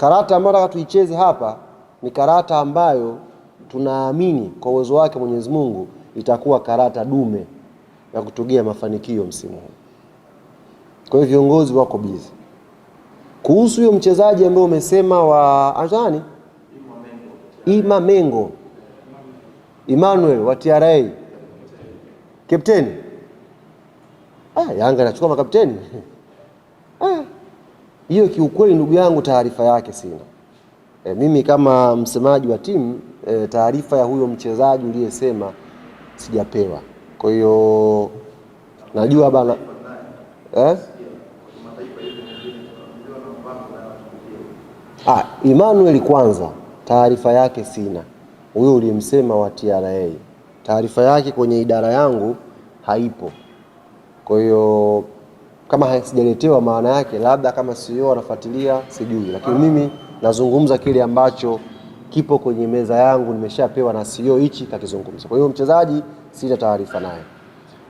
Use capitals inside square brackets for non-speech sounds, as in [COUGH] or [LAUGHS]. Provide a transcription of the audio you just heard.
Karata ambayo nataka tuicheze hapa ni karata ambayo tunaamini kwa uwezo wake Mwenyezi Mungu itakuwa karata dume ya kutugia mafanikio msimu huu. Kwa hiyo viongozi wako bizi kuhusu huyo mchezaji ambaye umesema wa Anjani Ima Mengo Emmanuel wa TRA kapteni. Ah, Yanga anachukua makapteni [LAUGHS] hiyo kiukweli, ndugu yangu, taarifa yake sina. E, mimi kama msemaji wa timu e, taarifa ya huyo mchezaji uliyesema sijapewa. Kwa hiyo najua bana eh? Ah, Emmanuel kwanza taarifa yake sina. Huyo uliyemsema wa TRA taarifa yake kwenye idara yangu haipo, kwa hiyo kama sijaletewa maana yake labda kama sio e anafuatilia sijui, lakini mimi nazungumza kile ambacho kipo kwenye meza yangu, nimeshapewa na sio e hichi kakizungumza. Kwa hiyo mchezaji sina taarifa naye.